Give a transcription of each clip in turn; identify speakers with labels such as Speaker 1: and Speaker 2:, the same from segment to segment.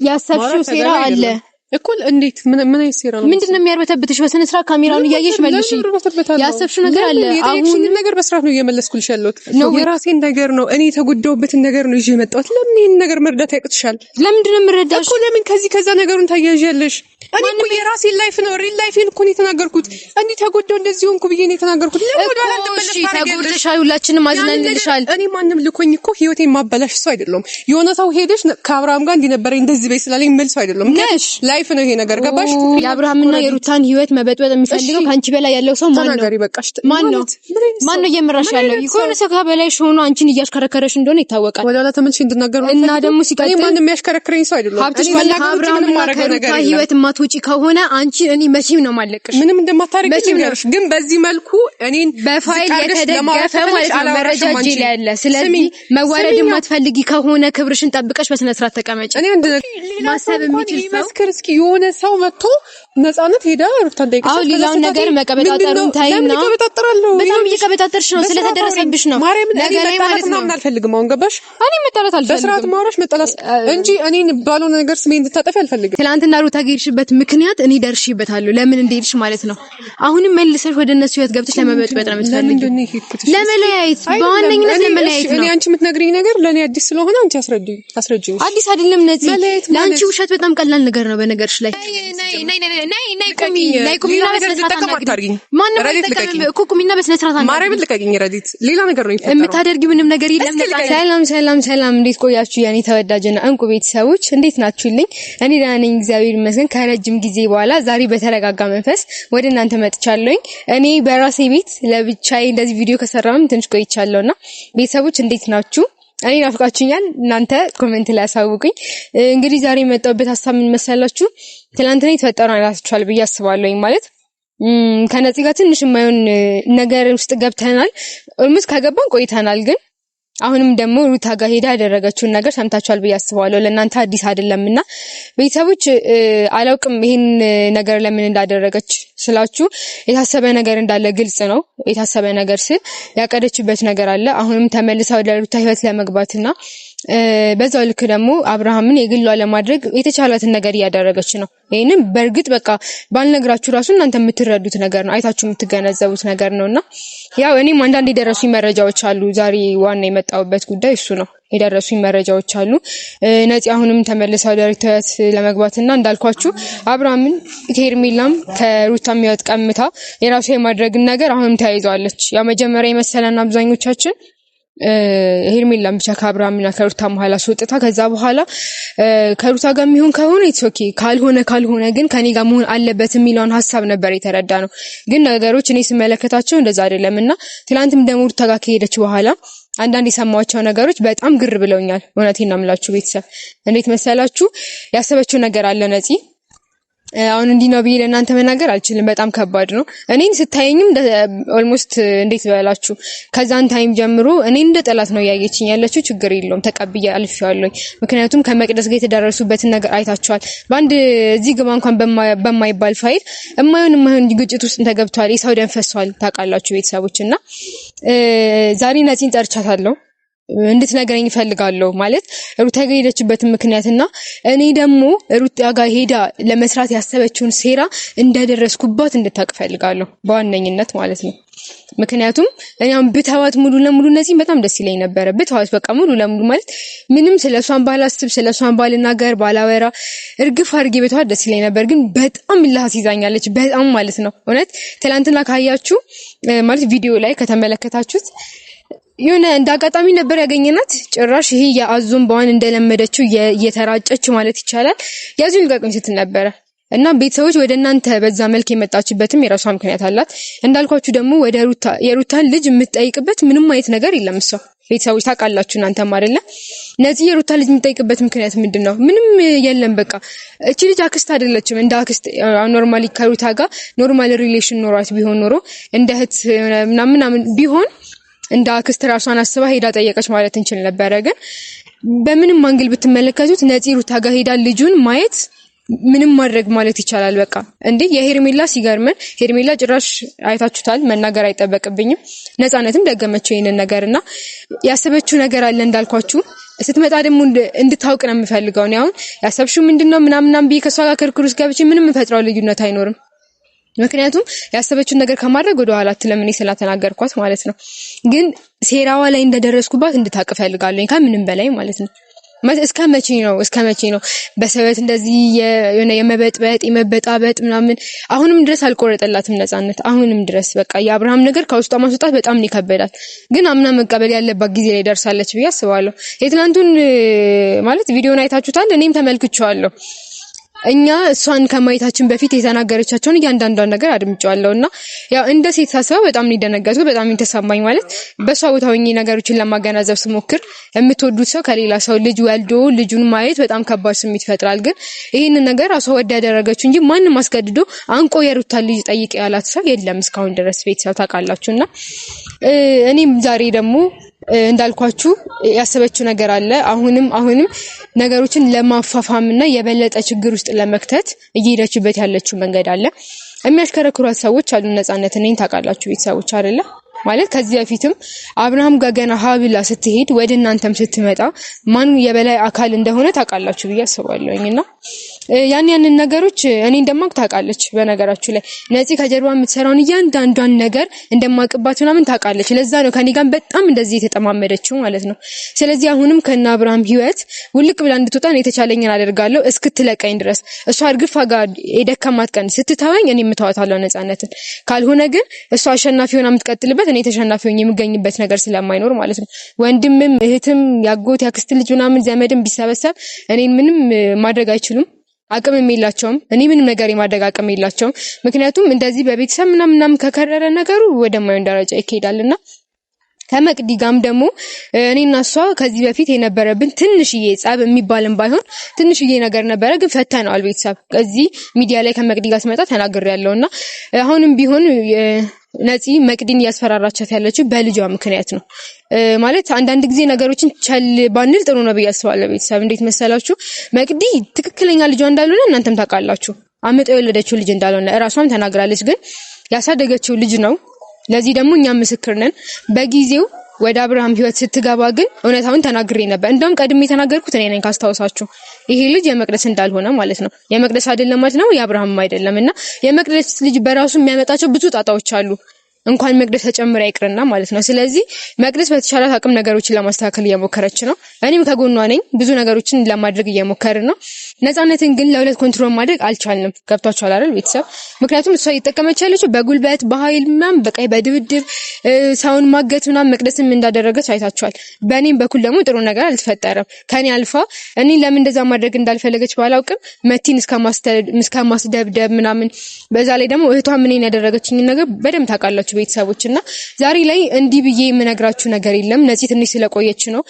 Speaker 1: يا سفشو سراعا له
Speaker 2: እኩል እንዴት ምን ምን አይሰራ
Speaker 1: ነው? ምንድነው የሚያርበተብትሽ? በስነ ስርዓት ካሜራውን እያየሽ መልሽ። ያሰብሽው ነገር አለ።
Speaker 2: አሁን ነገር በስርዓት ነው እየመለስኩልሽ ያለሁት። የራሴን ነገር ነው እኔ የተጎዳሁበትን ነገር ነው ይዤ የመጣሁት። ለምን ይሄን ነገር መርዳት ያቅትሻል?
Speaker 1: ለምንድነው ነው የምረዳሽ
Speaker 2: እኮ? ለምን ከዚህ ከዛ ነገሩን ታያዣለሽ? እኔ እኮ የራሴን ላይፍ ነው ሪል ላይፌን እኮ ነው የተናገርኩት። እንዲህ ተጎዳሁ እንደዚህ ሆንኩ ብዬ ነው የተናገርኩት።
Speaker 1: ለምን ወደ አንተ መልሽ? ተጎድተሻል፣ ሁላችንም አዝናንልሻል።
Speaker 2: እኔ ማንም ልኮኝ እኮ ህይወቴን ማበላሽ ሰው አይደለም። የሆነ ሰው ሄደሽ ከአብርሃም ጋር እንዲህ እንደዚህ በይ ስላለኝ መልሰው አይደለም ነሽ ላይፍ ነው ይሄ ነገር ገባሽ?
Speaker 1: የአብርሃምና የሩታን ህይወት መበጥበጥ የሚፈልገው ከአንቺ በላይ ያለው ሰው ማን
Speaker 2: ነው?
Speaker 1: ማን ነው? ማን ነው እየመራሽ ያለው? የሆነ ሰው ከበላይሽ ሆኖ አንቺን እያሽከረከረሽ እንደሆነ ይታወቃል።
Speaker 2: ወደ ኋላ ተመልሼ እንድናገር
Speaker 1: ነው እና ደግሞ ሲቀጥል
Speaker 2: እኔ ማንም የሚያሽከረክረኝ ሰው አይደለም።
Speaker 1: ሀብትሽ ባላ ከአብርሃምና ከሩታ ህይወት የማትወጪ ከሆነ አንቺ እኔ መቼም ነው ማለቅሽ
Speaker 2: ምንም እንደማታረግ እንደማታረቂ ነው። ግን በዚህ መልኩ እኔን
Speaker 1: በፋይል የተደገፈ ማለት ነው መረጃ እጄ ላይ ያለ። ስለዚህ መዋረድ የማትፈልጊ ከሆነ ክብርሽን ጠብቀሽ በስነ ስርዓት ተቀመጪ። ማሰብ የሚችል ሰው
Speaker 2: የሆነ ሰው መጥቶ ነፃነት ሄዳ ሩታን
Speaker 1: ጠይቀሽ አሁን ሌላውን ነገር መቀበጣጠሩን ታይና
Speaker 2: መቀበጣጠራለሁ።
Speaker 1: በጣም እየቀበጣጠርሽ ነው፣ ስለተደረሰብሽ
Speaker 2: ነው። ማርያም ነገር ማለት ነው ምናምን አልፈልግም። አሁን ገባሽ? እኔ መጣላት አልፈልግም። በስርዓት ማውራሽ መጣላት እንጂ እኔን ባልሆነ ነገር ስሜን እንድታጠፊ አልፈልግም።
Speaker 1: ትላንትና ሩታ ከሄድሽበት ምክንያት እኔ ደርሼበታለሁ። ለምን እንደሄድሽ ማለት ነው። አሁንም መልሰሽ ወደ እነሱ ህይወት ገብተሽ ለመበጥበጥ ነው
Speaker 2: የምትፈልጊው።
Speaker 1: ለመለያየት፣ በዋነኝነት ለመለያየት
Speaker 2: ነው። እኔ አንቺ የምትነግሪኝ ነገር ለእኔ አዲስ ስለሆነ አንቺ አስረጂኝ።
Speaker 1: አዲስ አይደለም ነፂ፣ ለአንቺ ውሸት በጣም ቀላል ነገር ነው። ነገርሽ ላይ ሌላ ነገር ነው የምታደርጊ ምንም ነገር
Speaker 2: የለም። ሰላም ሰላም ሰላም፣ እንዴት ቆያችሁ? ያኔ ተወዳጅና እንቁ ቤተሰቦች እንዴት ናችሁልኝ? እኔ ደህና ነኝ እግዚአብሔር ይመስገን። ከረጅም ጊዜ በኋላ ዛሬ በተረጋጋ መንፈስ ወደ እናንተ መጥቻለሁኝ። እኔ በራሴ ቤት ለብቻዬ እንደዚህ ቪዲዮ ከሰራሁም ትንሽ ቆይቻለሁና ቤተሰቦች እንዴት ናችሁ? እኔ ናፍቃችሁኛል። እናንተ ኮሜንት ላይ አሳውቁኝ። እንግዲህ ዛሬ የመጣሁበት ሀሳብ ምን መሰላችሁ? ትላንትና የተፈጠረው አይታችኋል ብዬ አስባለሁኝ ማለት ከነፂ ጋር ትንሽ የማይሆን ነገር ውስጥ ገብተናል። ኦልሞስት ከገባን ቆይተናል፣ ግን አሁንም ደግሞ ሩታ ጋር ሄዳ ያደረገችውን ነገር ሰምታችኋል ብዬ አስባለሁ። ለእናንተ አዲስ አይደለም እና ቤተሰቦች አላውቅም ይህን ነገር ለምን እንዳደረገች ስላችሁ የታሰበ ነገር እንዳለ ግልጽ ነው። የታሰበ ነገር ስል ያቀደችበት ነገር አለ። አሁንም ተመልሳ ወደ ሩታ ህይወት ለመግባትና በዛው ልክ ደግሞ አብርሃምን የግሏ ለማድረግ የተቻላትን ነገር እያደረገች ነው። ይህንም በእርግጥ በቃ ባልነግራችሁ ራሱ እናንተ የምትረዱት ነገር ነው፣ አይታችሁ የምትገነዘቡት ነገር ነው። እና ያው እኔም አንዳንድ የደረሱኝ መረጃዎች አሉ። ዛሬ ዋና የመጣሁበት ጉዳይ እሱ ነው። የደረሱኝ መረጃዎች አሉ። ነፂ አሁንም ተመልሳ ዳይሬክተርያት ለመግባት እና እንዳልኳችሁ አብርሃምን ከሄርሜላም ከሩታ የሚወጥ ቀምታ የራሷ የማድረግን ነገር አሁንም ተያይዘዋለች። ያው መጀመሪያ የመሰለን አብዛኞቻችን ሄርሜላን ብቻ ከአብርሃምና ከሩታ መሀል አስወጥታ ከዛ በኋላ ከሩታ ጋር የሚሆን ከሆነ ኢትስ ኦኬ፣ ካልሆነ ካልሆነ ግን ከኔ ጋር መሆን አለበት የሚለውን ሀሳብ ነበር የተረዳ ነው። ግን ነገሮች እኔ ስመለከታቸው እንደዛ አይደለም እና ትላንትም ደግሞ ሩታ ጋር ከሄደች በኋላ አንዳንድ የሰማቸው ነገሮች በጣም ግር ብለውኛል። እውነቴን ነው የምላችሁ ቤተሰብ። እንዴት መሰላችሁ? ያሰበችው ነገር አለ ነፂ አሁን እንዲህ ነው ብዬ ለእናንተ መናገር አልችልም። በጣም ከባድ ነው። እኔን ስታየኝም ኦልሞስት እንዴት በላችሁ ከዛን ታይም ጀምሮ እኔ እንደ ጠላት ነው እያየችኝ ያለችው። ችግር የለውም ተቀብዬ አልፌዋለሁ። ምክንያቱም ከመቅደስ ጋር የተደረሱበትን ነገር አይታችኋል። በአንድ እዚህ ግባ እንኳን በማይባል ፋይል እማይሆን የማይሆን ግጭት ውስጥ ተገብቷል። የሰው ደም ፈሷል። ታውቃላችሁ ቤተሰቦች እና ዛሬ ነፂን ጠርቻታለሁ እንድትነግረኝ እፈልጋለሁ። ማለት ሩታ ጋር ሄደችበትን ምክንያት እና እኔ ደግሞ ሩታ ጋር ሄዳ ለመስራት ያሰበችውን ሴራ እንደደረስኩባት እንድታውቅ እፈልጋለሁ፣ በዋነኝነት ማለት ነው። ምክንያቱም እኛም አሁን ብተዋት ሙሉ ለሙሉ እነዚህም በጣም ደስ ይለኝ ነበረ። ብተዋት በቃ ሙሉ ለሙሉ ማለት ምንም ስለ እሷን ባላስብ፣ ስለ እሷን ባልናገር፣ ባላወራ እርግፍ አድርጌ ብተዋት ደስ ይለኝ ነበር። ግን በጣም ልሃስ ይዛኛለች፣ በጣም ማለት ነው። እውነት ትናንትና ካያችሁ ማለት ቪዲዮ ላይ ከተመለከታችሁት የሆነ እንደ አጋጣሚ ነበር ያገኘናት። ጭራሽ ይሄ የአዞን በዋን እንደለመደችው እየተራጨች ማለት ይቻላል ያዙን ልቀቁኝ ስትል ነበረ። እና ቤተሰቦች ወደ እናንተ በዛ መልክ የመጣችበትም የራሷ ምክንያት አላት። እንዳልኳችሁ ደግሞ ወደ ሩታ የሩታን ልጅ የምትጠይቅበት ምንም አይነት ነገር የለም። እሷ ቤተሰቦች ታውቃላችሁ፣ እናንተም አይደለም። እነዚህ የሩታ ልጅ የምትጠይቅበት ምክንያት ምንድን ነው? ምንም የለም። በቃ እቺ ልጅ አክስት አይደለችም። እንደ አክስት ኖርማሊ ከሩታ ጋር ኖርማል ሪሌሽን ኖሯት ቢሆን ኖሮ እንደ እህት ምናምን ቢሆን እንደ አክስት ራሷን አስባ ሄዳ ጠየቀች ማለት እንችል ነበረ። ግን በምንም አንግል ብትመለከቱት ነፂ ሩታ ጋር ሄዳ ልጁን ማየት ምንም ማድረግ ማለት ይቻላል። በቃ እንዴ የሄርሜላ ሲገርመን ሄርሜላ ጭራሽ አይታችሁታል። መናገር አይጠበቅብኝም። ነፃነትም ደገመችው ይሄንን ነገር እና ያሰበችው ነገር አለ እንዳልኳችሁ። ስትመጣ ደግሞ እንድታውቅ ነው የምፈልገው። እኔ አሁን ያሰብሽው ምንድን ነው ምናምናም ብዬ ከእሷ ጋር ክርክር ውስጥ ገብቼ ምንም የምፈጥረው ልዩነት አይኖርም። ምክንያቱም ያሰበችውን ነገር ከማድረግ ወደ ኋላ ትለምን ስላተናገርኳት ማለት ነው። ግን ሴራዋ ላይ እንደደረስኩባት እንድታቅ እፈልጋለሁ፣ ከምንም በላይ ማለት ነው። እስከ መቼ ነው? እስከ መቼ ነው በሰበት እንደዚህ የሆነ የመበጥበጥ የመበጣበጥ ምናምን? አሁንም ድረስ አልቆረጠላትም ነፃነት። አሁንም ድረስ በቃ የአብርሃም ነገር ከውስጧ ማስወጣት በጣም ነው ይከበዳል። ግን አምና መቀበል ያለባት ጊዜ ላይ ደርሳለች ብዬ አስባለሁ። የትናንቱን ማለት ቪዲዮን አይታችሁታል፣ እኔም ተመልክቼዋለሁ። እኛ እሷን ከማየታችን በፊት የተናገረቻቸውን እያንዳንዷን ነገር አድምጫዋለሁ እና ያው እንደ ሴት ሳስበው በጣም እንደነገጥኩት በጣም ተሰማኝ። ማለት በእሷ ቦታ ሆኜ ነገሮችን ለማገናዘብ ስሞክር የምትወዱት ሰው ከሌላ ሰው ልጅ ወልዶ ልጁን ማየት በጣም ከባድ ስሜት ይፈጥራል። ግን ይህንን ነገር ራሷ ወደ ያደረገችው እንጂ ማንም አስገድዶ አንቆ የሩታ ልጅ ጠይቅ ያላት ሰው የለም እስካሁን ድረስ ቤተሰብ ታውቃላችሁ እና እኔም ዛሬ ደግሞ እንዳልኳችሁ ያሰበችው ነገር አለ። አሁንም አሁንም ነገሮችን እና የበለጠ ችግር ውስጥ ለመክተት እየሄደችበት ያለችው መንገድ አለ። የሚያሽከረክሯት ሰዎች አሉ። ነፃነት እኔን ታውቃላችሁ ቤተሰቦች አይደለ ማለት ከዚህ በፊትም አብርሃም ጋር ገና ሀብላ ስትሄድ ወደ እናንተም ስትመጣ ማን የበላይ አካል እንደሆነ ታውቃላችሁ ብዬ አስባለሁኝ። እና ያን ያንን ነገሮች እኔ እንደማቅ ታውቃለች። በነገራችሁ ላይ ነፂ ከጀርባ የምትሰራውን እያንዳንዷን ነገር እንደማቅባት ምናምን ታውቃለች። ለዛ ነው ከኔ ጋር በጣም እንደዚህ የተጠማመደችው ማለት ነው። ስለዚህ አሁንም ከነ አብርሃም ህይወት ውልቅ ብላ እንድትወጣ ነው የተቻለኝን አደርጋለሁ እስክትለቀኝ ድረስ። እሷ እርግፋ ጋር የደከማት ቀን ስትተወኝ እኔ የምተዋታለሁ ነፃነትን። ካልሆነ ግን እሷ አሸናፊ ሆና የምትቀጥልበት እኔ ተሸናፊ ሆኜ የምገኝበት ነገር ስለማይኖር ማለት ነው። ወንድምም እህትም ያጎት ያክስት ልጅ ምናምን ዘመድም ቢሰበሰብ እኔን ምንም ማድረግ አይችሉም። አቅምም የላቸውም። እኔ ምንም ነገር የማድረግ አቅም የላቸውም። ምክንያቱም እንደዚህ በቤተሰብ ምናምን ከከረረ ነገሩ ወደማይሆን ደረጃ ይካሄዳልና ከመቅዲ ጋም ደግሞ እኔና እሷ ከዚህ በፊት የነበረብን ትንሽዬ ጸብ የሚባልም ባይሆን ትንሽዬ ነገር ነበረ፣ ግን ፈተነዋል። ቤተሰብ እዚህ ሚዲያ ላይ ከመቅዲ ጋር ስመጣ ተናግሬያለሁ እና አሁንም ቢሆን ነፂ መቅዲን እያስፈራራቻት ያለችው በልጇ ምክንያት ነው። ማለት አንዳንድ ጊዜ ነገሮችን ቸል ባንል ጥሩ ነው ብዬ አስባለሁ። ቤተሰብ እንዴት መሰላችሁ? መቅዲ ትክክለኛ ልጇ እንዳልሆነ እናንተም ታውቃላችሁ። አምጦ የወለደችው ልጅ እንዳልሆነ እራሷም ተናግራለች። ግን ያሳደገችው ልጅ ነው ለዚህ ደግሞ እኛ ምስክር ነን። በጊዜው ወደ አብርሃም ህይወት ስትገባ ግን እውነታውን ተናግሬ ነበር። እንደውም ቀድሜ የተናገርኩት እኔ ነኝ ካስታውሳችሁ ይሄ ልጅ የመቅደስ እንዳልሆነ ማለት ነው። የመቅደስ አይደለም ማለት ነው፣ የአብርሃም አይደለም እና የመቅደስ ልጅ በራሱ የሚያመጣቸው ብዙ ጣጣዎች አሉ። እንኳን መቅደስ ተጨምሮ አይቅርና ማለት ነው። ስለዚህ መቅደስ በተሻላት አቅም ነገሮችን ለማስተካከል እየሞከረች ነው። እኔም ከጎኗ ነኝ። ብዙ ነገሮችን ለማድረግ እየሞከር ነው። ነፃነትን ግን ለሁለት ኮንትሮል ማድረግ አልቻልንም። ገብቷችኋል አይደል ቤተሰብ? ምክንያቱም እሷ እየተጠቀመች ያለችው በጉልበት በኃይል ምናምን በቃ በድብድብ ሰውን ማገት ምናምን መቅደስም እንዳደረገች አይታችኋል። በእኔም በኩል ደግሞ ጥሩ ነገር አልተፈጠረም። ከኔ አልፋ እኔ ለምን እንደዛ ማድረግ እንዳልፈለገች ባላውቅም መቲን እስከማስደብደብ ምናምን፣ በዛ ላይ ደግሞ እህቷ ምን ያደረገችኝን ነገር በደንብ ታውቃላችሁ። ቤተሰቦች እና ዛሬ ላይ እንዲህ ብዬ የምነግራችሁ ነገር የለም። ነፂ ትንሽ ስለቆየች ነው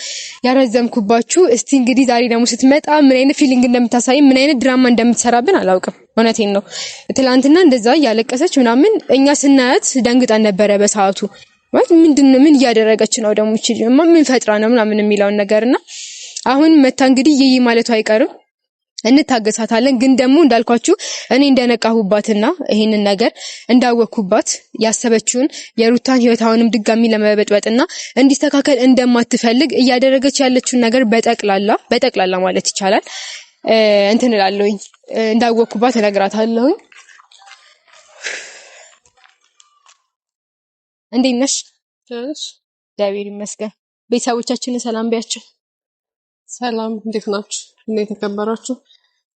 Speaker 2: ያረዘምኩባችሁ። እስቲ እንግዲህ ዛሬ ደግሞ ስትመጣ ምን አይነት ፊሊንግ እንደምታሳይ ምን አይነት ድራማ እንደምትሰራብን አላውቅም። እውነቴን ነው። ትላንትና እንደዛ እያለቀሰች ምናምን እኛ ስናያት ደንግጠን ነበረ በሰዓቱ ማለት ምንድን ምን እያደረገች ነው ደግሞ ምን ፈጥራ ነው ምናምን የሚለውን ነገር እና አሁን መታ እንግዲህ ይይ ማለቱ አይቀርም እንታገሳታለን ግን ደግሞ እንዳልኳችሁ እኔ እንደነቃሁባትና ይሄንን ነገር እንዳወቅኩባት ያሰበችውን የሩታን ህይወት አሁንም ድጋሚ ለመበጥበጥና እንዲስተካከል እንደማትፈልግ እያደረገች ያለችውን ነገር በጠቅላላ በጠቅላላ ማለት ይቻላል እንትን እላለሁኝ። እንዳወቅኩባት እነግራታለሁኝ። እንዴት ነሽ? እግዚአብሔር ይመስገን። ቤተሰቦቻችንን ሰላም ቢያቸው።
Speaker 1: ሰላም እንዴት ናችሁ? እና ተከበራችሁ?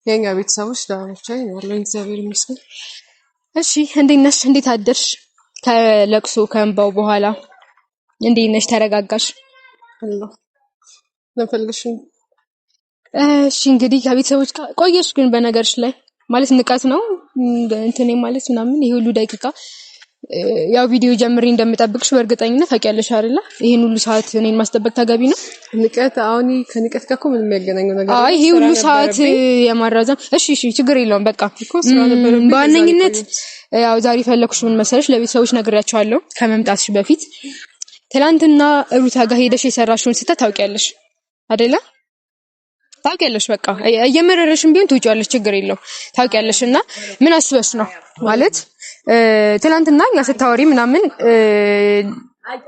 Speaker 1: የኛ ቤተሰቦች ደህና ናቸው ያለው እግዚአብሔር ይመስገን።
Speaker 2: እሺ እንዴት ነሽ? እንዴት አደርሽ? ከለቅሶ ከእንባው በኋላ እንዴት ነሽ? ተረጋጋሽ?
Speaker 1: አለሁ ለፈልግሽኝ።
Speaker 2: እሺ እንግዲህ ከቤተሰቦች ቆየሽ፣ ግን በነገርሽ ላይ ማለት ንቀት ነው እንትኔ ማለት ምናምን ይሄ ሁሉ ደቂቃ ያው ቪዲዮ ጀምሬ እንደምጠብቅሽ በእርግጠኝነት ታውቂያለሽ አይደለ? ይሄን ሁሉ ሰዓት እኔን ማስጠበቅ ተገቢ ነው?
Speaker 1: ንቀት አሁን ከንቀት ጋር እኮ ምንም የሚያገናኘው
Speaker 2: ነገር አይ ይሄ ሁሉ ሰዓት የማራዘም እሺ፣ እሺ፣ ችግር የለውም በቃ በዋነኝነት ያው ዛሬ ፈለኩሽ ምን መሰለሽ፣ ለቤተሰቦች ነግሬያቸዋለሁ ከመምጣትሽ በፊት ትላንትና ሩታ ጋር ሄደሽ የሰራሽውን ስህተት ታውቂያለሽ አይደለ? ታውቂያለሽ በቃ እየመረረሽም ቢሆን ትውጪዋለሽ፣ ችግር የለው ታውቂያለሽ። እና ምን አስበሽ ነው ማለት ትናንትና እኛ ስታወሪ ምናምን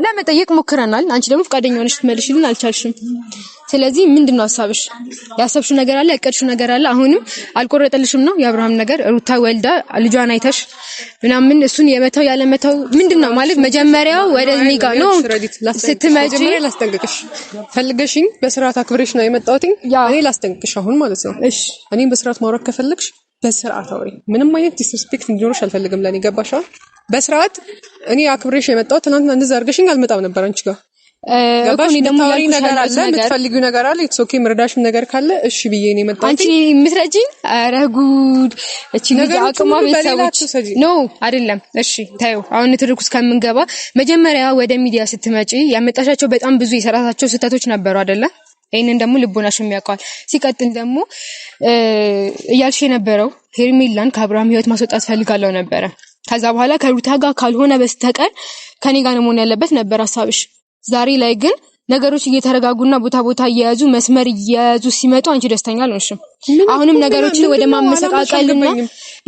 Speaker 2: ለመጠየቅ ሞክረናል። አንቺ ደግሞ ፈቃደኛ ሆነሽ ትመልሽልን አልቻልሽም። ስለዚህ ምንድን ነው ሀሳብሽ? ያሰብሽው ነገር አለ? ያቀድሽው ነገር አለ? አሁንም አልቆረጠልሽም ነው የአብርሃም ነገር? ሩታ ወልዳ ልጇን አይተሽ ምናምን እሱን የመተው ያለመተው መተው ምንድን ነው ማለት? መጀመሪያው ወደ እኔ ጋር ነው
Speaker 1: ስትመጪ ላስጠንቅቅሽ ፈልገሽኝ በስርዓት አክብሬሽ ነው የመጣሁት። እኔ ላስጠንቅቅሽ አሁን ማለት ነው። እሺ እኔም በስርዓት ማውራት ከፈለግሽ
Speaker 2: በስርዓት አውሪ።
Speaker 1: ምንም አይነት ዲስሪስፔክት እንዲኖርሽ አልፈልግም። ለኔ ገባሽ? በስርዓት እኔ አክብሬሽ የመጣው ትናንትና እንደዛ አድርገሽኝ አልመጣም ነበር አንቺ ጋር ገባሽ ምታወሪ ነገር አለ የምትፈልጊው ነገር አለ ኢትስ ኦኬ ምርዳሽም ነገር ካለ እሺ ብዬ ነው መጣሁ
Speaker 2: አንቺ የምትረጂኝ ኧረ ጉድ እቺ ልጅ አቅሟ ቤተሰቦች ኖ አይደለም እሺ ታዩ አሁን ትርኩ እስከምንገባ መጀመሪያ ወደ ሚዲያ ስትመጪ ያመጣሻቸው በጣም ብዙ የሰራታቸው ስህተቶች ነበሩ አይደለ ይህንን ደግሞ ልቦናሽ የሚያውቀዋል ሲቀጥል ደግሞ እያልሽ የነበረው ሄርሜላን ከአብርሃም ህይወት ማስወጣት ፈልጋለሁ ነበረ ከዛ በኋላ ከሩታ ጋር ካልሆነ በስተቀር ከኔ ጋር መሆን ያለበት ነበር ሀሳብሽ። ዛሬ ላይ ግን ነገሮች እየተረጋጉና ቦታ ቦታ እየያዙ መስመር እየያዙ ሲመጡ አንቺ ደስተኛ አልሆንሽም። አሁንም ነገሮችን ወደ ማመሰቃቀልና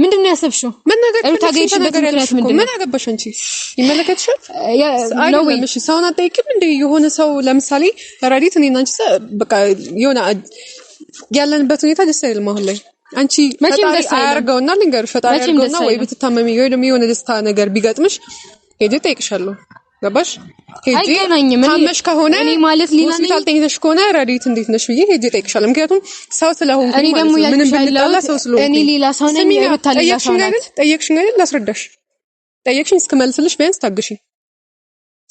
Speaker 2: ምንድን ነው ያሰብሽው? ሩታ ጋር የሄድሽበት ምክንያት
Speaker 1: ምንድን ነው? ምን አገባሽ አንቺ? ይመለከትሻል ነው ወይ? ሰውን አጠይቅም እንደ የሆነ ሰው ለምሳሌ ረዲት እኔና አንቺ በቃ የሆነ ያለንበት ሁኔታ ደስ አይልም አሁን ላይ አንቺ መቼም ደስ አያርገው እና ልንገርሽ፣ ፈጣሪ አያርገውና ወይ ብትታመሚ ወይ ደግሞ የሆነ ደስታ ነገር ቢገጥምሽ ሄጄ ጠይቅሻለሁ። ገባሽ? ሄጄ ታመሽ ከሆነ እኔ ማለት ሊና ሆስፒታል ተኝተሽ ከሆነ ረዲት እንዴት ነሽ ብዬ ሄጄ ጠይቅሻለሁ። ምክንያቱም ሰው ስለሆንኩ እኔ ደግሞ ምንም
Speaker 2: ብንጣላ ሰው ስለሆንኩ እኔ ሌላ ሰው
Speaker 1: ነኝ። ጠየቅሽኝ አይደል? ጠየቅሽኝ አይደል? ላስረዳሽ። ጠየቅሽኝ እስክመልስልሽ ቢያንስ ታግሺ።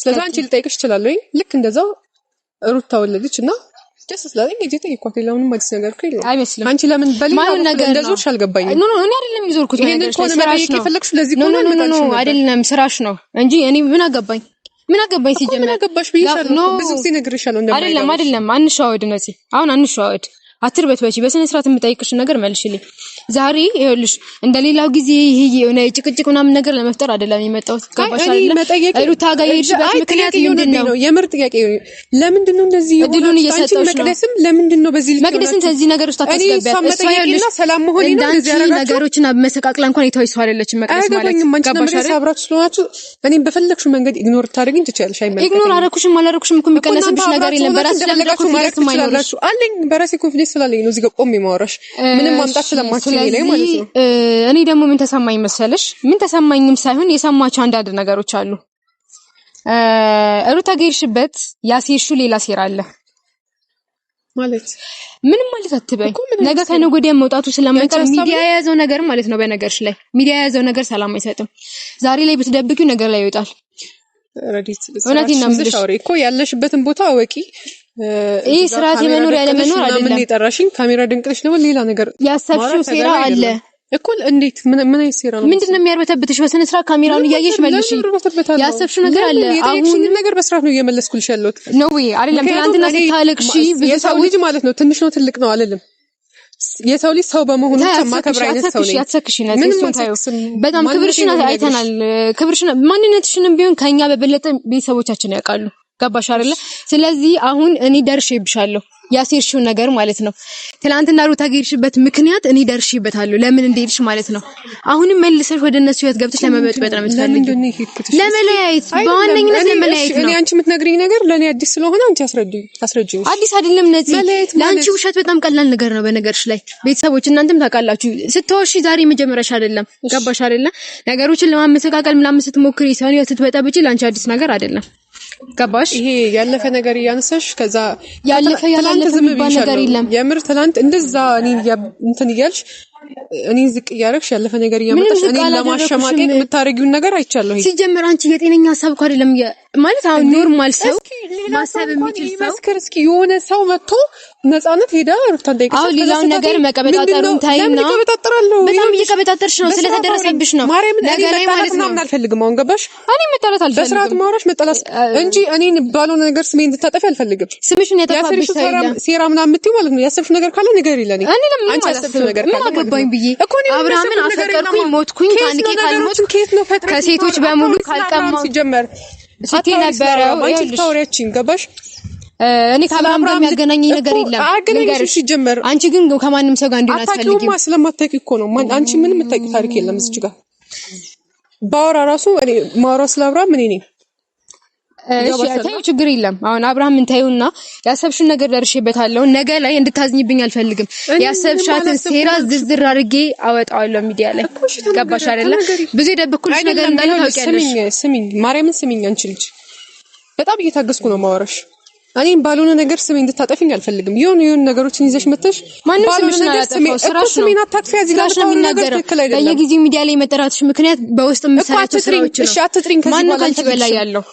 Speaker 1: ስለዚህ አንቺ ልጠይቅሽ እችላለሁ። ልክ እንደዛው ሩት ተወለደች እና ጀስት ስለዚህ ጊዜ ጠይቋት። ለምንም አዲስ ነገር እኮ
Speaker 2: የለውም አይመስልም።
Speaker 1: አንቺ ለምን በሌላ ነገር እንደዞርሽ አልገባኝም።
Speaker 2: ኖ ኖ እኔ አይደለም የዞርኩት
Speaker 1: ይሄንን እኮ መጠየቅ የፈለግሽ።
Speaker 2: ለዚህ እኮ ነው ኖ ኖ አይደለም ስራሽ ነው እንጂ እኔ ምን አገባኝ ምን አገባኝ
Speaker 1: ሲጀመር ምን አገባሽ ብዬሻለሁ። ብዙ ጊዜ ነግሬሻለሁ።
Speaker 2: አይደለም አይደለም፣ አንሸዋወድ ነፂ፣ አሁን አንሸዋወድ፣ አትርበትበቺ። በስነ ስርዓት የምጠይቅሽን ነገር መልሽልኝ። ዛሬ ይኸውልሽ እንደሌላው ጊዜ ይሄ የሆነ ጭቅጭቅ ምናምን ነገር ለመፍጠር አይደለም የመጣሁት። ሩታ ጋር
Speaker 1: የሄድሽበት ምክንያት ምንድን ነው? የምር ጥያቄ ለምንድን ነው እንደዚህ
Speaker 2: እድሉን ነው።
Speaker 1: መቅደስም ለምንድን ነው በዚህ
Speaker 2: መቅደስን ከዚህ ነገር ውስጥ
Speaker 1: አታስገቢያት። ሰላም መሆን
Speaker 2: ነው ነገሮችን መሰቃቅላ እንኳን ሰው አይደለችም።
Speaker 1: መቅደስ ማለት አብራችሁ ስለሆናችሁ እኔም በፈለግሽው መንገድ ኢግኖር ታደርግኝ ትችያለሽ።
Speaker 2: አይመለከትም። ኢግኖር አደረኩሽም አላደረኩሽም እኮ የሚቀነስብሽ ነገር የለም።
Speaker 1: ማይኖርሽ አለኝ። በራሴ ኮንፊደንስ ስላለኝ ነው እዚህ ጋር ቆሜ የማወራሽ ምንም ማምጣት
Speaker 2: ስለማትችል ስለዚህ እኔ ደግሞ ምን ተሰማኝ መሰለሽ? ምን ተሰማኝም ሳይሆን የሰማቸው አንዳንድ ነገሮች አሉ። ሩታ ጌርሽበት ያሴርሹ ሌላ ሴራ አለ ማለት ምንም ማለት አትበይ። ነገ ከነገ ወዲያ መውጣቱ ስለማይቀር ሚዲያ የያዘው ነገር ማለት ነው። በነገርሽ ላይ ሚዲያ የያዘው ነገር ሰላም አይሰጥም። ዛሬ ላይ ብትደብቂው ነገር ላይ ይወጣል። እውነቴን ነው
Speaker 1: የምልሽ እኮ ያለሽበትን ቦታ አወቂ። ይህ ስርዓት የመኖር ያለመኖር አይደለም። ምን የጠራሽኝ ካሜራ ድንቅነሽ ነው፣ ሌላ ነገር
Speaker 2: ያሰብሽው ሴራ አለ
Speaker 1: እኩል እንዴት? ምን ምን አይነት ሴራ
Speaker 2: ነው? ምንድነው የሚያርበተብትሽ? በስነ ስርዓት ካሜራውን እያየሽ መልሽ። ያሰብሽው ነገር አለ።
Speaker 1: አሁን ነገር በስርዓት ነው እየመለስኩልሽ ያለሁት
Speaker 2: ነው ወይ አይደለም? ትናንትና ስታለቅሺ
Speaker 1: የሰው ልጅ ማለት ነው ትንሽ ነው ትልቅ ነው አለልም። የሰው ልጅ ሰው በመሆኑ
Speaker 2: ማከብር አይነት ሰው ነው። አትሰክሽ በጣም ክብርሽን አይተናል። ክብርሽን ማንነትሽንም ቢሆን ከኛ በበለጠ ቤተሰቦቻችን ያውቃሉ። ገባሽ አይደለ? ስለዚህ አሁን እኔ ደርሼብሻለሁ፣ ያሴርሽው ነገር ማለት ነው። ትናንትና ሩታ ሄድሽበት ምክንያት እኔ ደርሼበታለሁ፣ ለምን እንደሄድሽ ማለት ነው። አሁንም መልሰሽ ወደ እነሱ ህይወት ገብተሽ ለመበጥበጥ ነው የምትፈልጊው፣ ለመለያየት፣ በዋነኝነት ለመለያየት
Speaker 1: ነው። እኔ አንቺ የምትነግሪኝ ነገር ለእኔ አዲስ ስለሆነ አንቺ አስረዱኝ፣ አስረጂኝ።
Speaker 2: አዲስ አይደለም ነፂ፣ ለአንቺ ውሸት በጣም ቀላል ነገር ነው። በነገርሽ ላይ ቤተሰቦች እናንተም ታውቃላችሁ፣ ስትወሺ ዛሬ መጀመሪያሽ አይደለም። ገባሽ አይደለ? ነገሮችን ለማመሰቃቀል ምናምን ስትሞክሪ ሰውን ህይወት ስትበጠብጪ ለአንቺ አዲስ ነገር አይደለም። ገባሽ?
Speaker 1: ይሄ ያለፈ ነገር እያነሳሽ ከዛ ያለፈ ያላለፈ
Speaker 2: የሚባል ነገር የለም።
Speaker 1: የምር ትናንት እንደዛ እኔ እንትን እያልሽ እኔ ዝቅ እያደረግሽ ያለፈ ነገር እያመጣሽ እኔ ለማሸማቀቅ የምታደርጊውን ነገር አይቻለሁ።
Speaker 2: ሲጀምር አንቺ የጤነኛ ሀሳብ እኮ አይደለም ማለት አሁን ኖርማል ሰው ማሰብ የሚችል ሰው
Speaker 1: መስክር። እስኪ የሆነ ሰው መጥቶ ነፃነት ሄዳ ሩታን
Speaker 2: ጠይቀሽ። አሁን ሌላውን ነገር መቀበጣጠሩን ታይና በጣም እየቀበጣጠርሽ ነው፣ ስለተደረሰብሽ ነው።
Speaker 1: ማርያም ነገር ማለት ነው አልፈልግም። አሁን ገባሽ? እኔ መጣላት አልፈልግም። በስርዓት ማውራሽ መጣላት እንጂ እኔን ባልሆነ ነገር ስሜን እንድታጠፊ አልፈልግም። ስምሽን ያጠፋብሽ ሴራ ምናምን የምትይው ማለት ነው። ያሰብሽ ነገር ካለ ነገር ንገሪ። ለኔ አንቺ ያሰብሽው
Speaker 2: ነገር ካለ ምን አገባኝ ብዬ አብርሃምን አፈቀርኩኝ ሞትኩኝ ታንኬ ካልሞት ከሴቶች በሙሉ
Speaker 1: ካልቀማው ሲጀመር
Speaker 2: ስቲ ነበረ
Speaker 1: ታወሪያችን ገባሽ። እኔ ከአብርሃም ጋር
Speaker 2: የሚያገናኘኝ ነገር የለም።
Speaker 1: አገናኝሽ ጀመር።
Speaker 2: አንቺ ግን ከማንም ሰው ጋር
Speaker 1: እንዲሆን አትፈልጊም። ስለማታውቂ እኮ ነው። አንቺ ምንም የምታውቂው ታሪክ የለም እዚች ጋር ባወራ ራሱ እኔ ማውራ ስለ አብርሃም እኔ ነኝ
Speaker 2: እሺ ተይው፣ ችግር የለም። አሁን አብርሃም እንታዩና ያሰብሽን ነገር ደርሼበታለሁ። ነገ ላይ እንድታዝኝብኝ አልፈልግም። ያሰብሻትን ሴራ ዝርዝር አድርጌ አወጣዋለሁ ሚዲያ ላይ። ገባሽ አይደለ? ብዙ የደብኩልሽ
Speaker 1: ነገር እንዳለ ስሚኝ፣ ስሚኝ፣ ማርያምን ስሚኝ። አንቺ ልጅ በጣም እየታገስኩ ነው ማወራሽ እኔም ባልሆነ ነገር ስሜ እንድታጠፊኝ አልፈልግም። የሆኑ የሆኑ ነገሮችን ይዘሽ መተሽ ማንም ስምሽ ነው ያጠፋው። ስራሽ ነው
Speaker 2: በየጊዜው ሚዲያ ላይ መጠራትሽ ምክንያት በውስጥ
Speaker 1: የምሰራቸው ስራዎች
Speaker 2: ነው። ማን ነው በላይ ያለው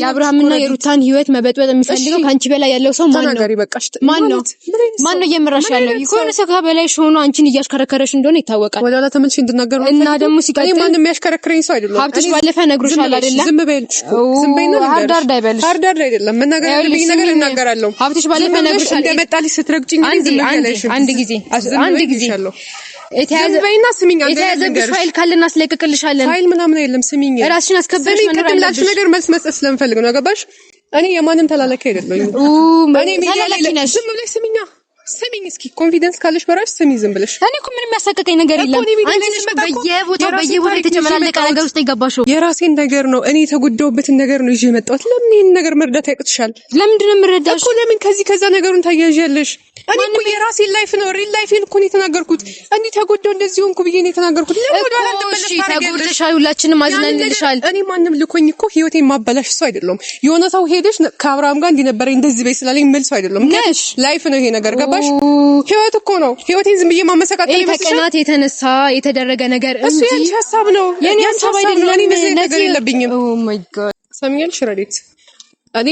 Speaker 2: የአብርሃምና የሩታን ህይወት መበጥበጥ የሚፈልገው ከአንቺ በላይ ያለው ሰው ማን ነው? ማን ነው? ማን ነው እየመራሽ ያለው? የሆነ ሰው ከበላይሽ ሆኖ አንቺን እያሽከረከረሽ እንደሆነ ይታወቃል።
Speaker 1: ወደ ተመልሼ እንድናገር ነው እና ደግሞ ሲቀጥል እኔ የሚያሽከረክረኝ ሰው አይደለም።
Speaker 2: ሀብትሽ ባለፈ ነግሮሻል አይደለ?
Speaker 1: ዝም በይልሽ፣ ዝም በይና
Speaker 2: ሀር ዳር ዳይበልሽ
Speaker 1: አይደለም መናገር ነገር እናገራለሁ። ሀብትሽ ባለፈ ነግሮሻል። እንደመጣልሽ ስትረግጪኝ
Speaker 2: አንድ ጊዜ አንድ ጊዜ አንድ ጊዜ
Speaker 1: የተያዘ በይና ስሚኝ፣
Speaker 2: የተያዘብሽ ፋይል ካለ እናስለቅቅልሻለን።
Speaker 1: ፋይል ምናምን የለም። ስሚኝ፣ ነገር መልስ መስጠት ስለምፈልግ ነው። ገባሽ? እኔ የማንም ተላላኪ
Speaker 2: አይደለሁም።
Speaker 1: እኔ ዝም ብለሽ ስሚኛ ስሚኝ እስኪ ኮንፊደንስ ካለሽ በራሽ ስሚ ዝም ብለሽ።
Speaker 2: እኔ እኮ ምንም ያሳቀቀኝ ነገር የለም። አንቺ በየቦታው በየቦታው የተጨመላለቀ ነገር ውስጥ የገባሽው
Speaker 1: የራሴን ነገር ነው። እኔ የተጎዳሁበትን ነገር ነው ይዤ የመጣሁት። ለምን ይሄን ነገር መርዳት ያቅትሻል?
Speaker 2: ለምንድን ነው የምረዳሽ
Speaker 1: እኮ? ለምን ከዚህ ከዛ ነገሩን ታያዣለሽ? እኔ እኮ የራሴን ላይፍ ነው ሪል ላይፌን እኮ ነው የተናገርኩት። እኔ ተጎዳሁ እንደዚህ ሆንኩ ብዬ ነው የተናገርኩት።
Speaker 2: ተጎድተሻል፣ ሁላችንም አዝነንልሻል።
Speaker 1: እኔ ማንም ልኮኝ እኮ ህይወቴን ማበላሽ ሰው አይደለም። የሆነ ሰው ሄደሽ ከአብርሃም ጋር እንዲነበረ እንደዚህ በይ ስላለኝ መልሰው አይደለም። ላይፍ ነው ይሄ ነገር ገባ ገባሽ? ህይወት እኮ ነው። ህይወቴን ዝም ብዬ ማመሰቃቀል
Speaker 2: ይመስልሻል? ከቅናት የተነሳ የተደረገ ነገር
Speaker 1: እሱ ያንቺ ሀሳብ ነው። የኔ ሀሳብ አይደለም። እኔ ነገር የለብኝም።
Speaker 2: ኦ ማይ ጋድ
Speaker 1: ሰሚያልሽ ረዴት እኔ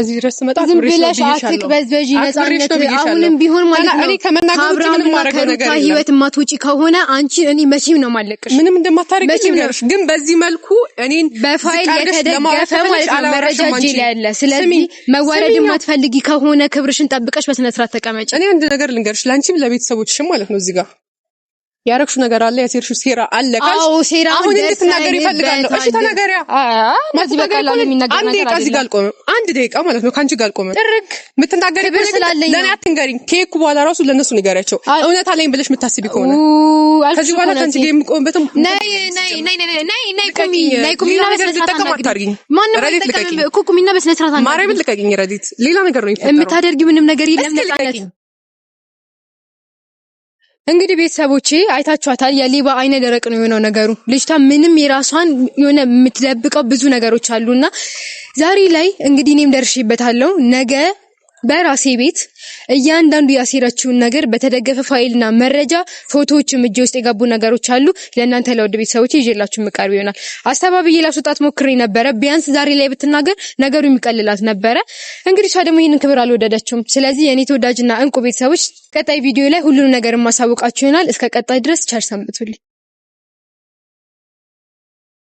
Speaker 1: እዚህ ድረስ ስመጣ
Speaker 2: ዝም ብለሽ አትቅበዝበዢ። ነፃነት አሁንም ቢሆን ማለት ነው። እኔ ከመናገር ህይወት የማትወጪ ከሆነ አንቺ እኔ መቼም ነው የማለቅሽ፣
Speaker 1: ምንም እንደማታረግ ግን በዚህ መልኩ እኔን
Speaker 2: በፋይል የተደገፈ ማለት ነው መረጃ እጄ ላይ ያለ። ስለዚህ መዋረድ የማትፈልጊ ከሆነ ክብርሽን ጠብቀሽ በስነ ስርዓት
Speaker 1: እኔ አንድ ነገር ልንገርሽ፣ ለአንቺም ለቤተሰቦችሽም ማለት ነው እዚህ ጋር ያረግሹ ነገር አለ፣ ያሴርሹ ሴራ አለ ካልሽ አሁን እንዴት ይፈልጋለሁ? እሺ ተናገሪያ። የሚናገር ነገር አንድ ደቂቃ ማለት ነው ከአንቺ ጋር አልቆምም። ጥርግ የምትናገሪ ለእኔ አትንገሪኝ። ከሄድኩ በኋላ ራሱ ለእነሱ ንገሪያቸው። እውነት አለኝ ብለሽ የምታስቢ ከሆነ ከዚህ በኋላ ከአንቺ ጋር የምቆምበትም
Speaker 2: ነይ ነይ ነይ ነይ ነይ ነይ ቁሚ ነይ ቁሚ
Speaker 1: እና በስነ ስርዓት ልቀቂኝ። ማርያምን ረዲት ሌላ ነገር ነው
Speaker 2: የምታደርጊው ምንም ነገር
Speaker 1: የለም ነጻነት
Speaker 2: እንግዲህ ቤተሰቦቼ አይታችኋታል። የሌባ አይነ ደረቅ ነው የሆነው ነገሩ። ልጅቷ ምንም የራሷን የሆነ የምትለብቀው ብዙ ነገሮች አሉና ዛሬ ላይ እንግዲህ እኔም ደርሼበታለሁ ነገ በራሴ ቤት እያንዳንዱ ያሴረችውን ነገር በተደገፈ ፋይልና መረጃ ፎቶዎችም እጅ ውስጥ የገቡ ነገሮች አሉ። ለእናንተ ለውድ ቤተሰቦች ይዤላችሁ የምቀርብ ይሆናል። አስተባብዬ ላስወጣት ሞክሬ ነበረ። ቢያንስ ዛሬ ላይ ብትናገር ነገሩ የሚቀልላት ነበረ። እንግዲህ እሷ ደግሞ ይህንን ክብር አልወደደችውም። ስለዚህ የእኔ ተወዳጅና እንቁ ቤተሰቦች ቀጣይ ቪዲዮ ላይ ሁሉንም ነገር ማሳወቃችሁ ይሆናል። እስከ ቀጣይ ድረስ ቸር ሰንብቱልኝ።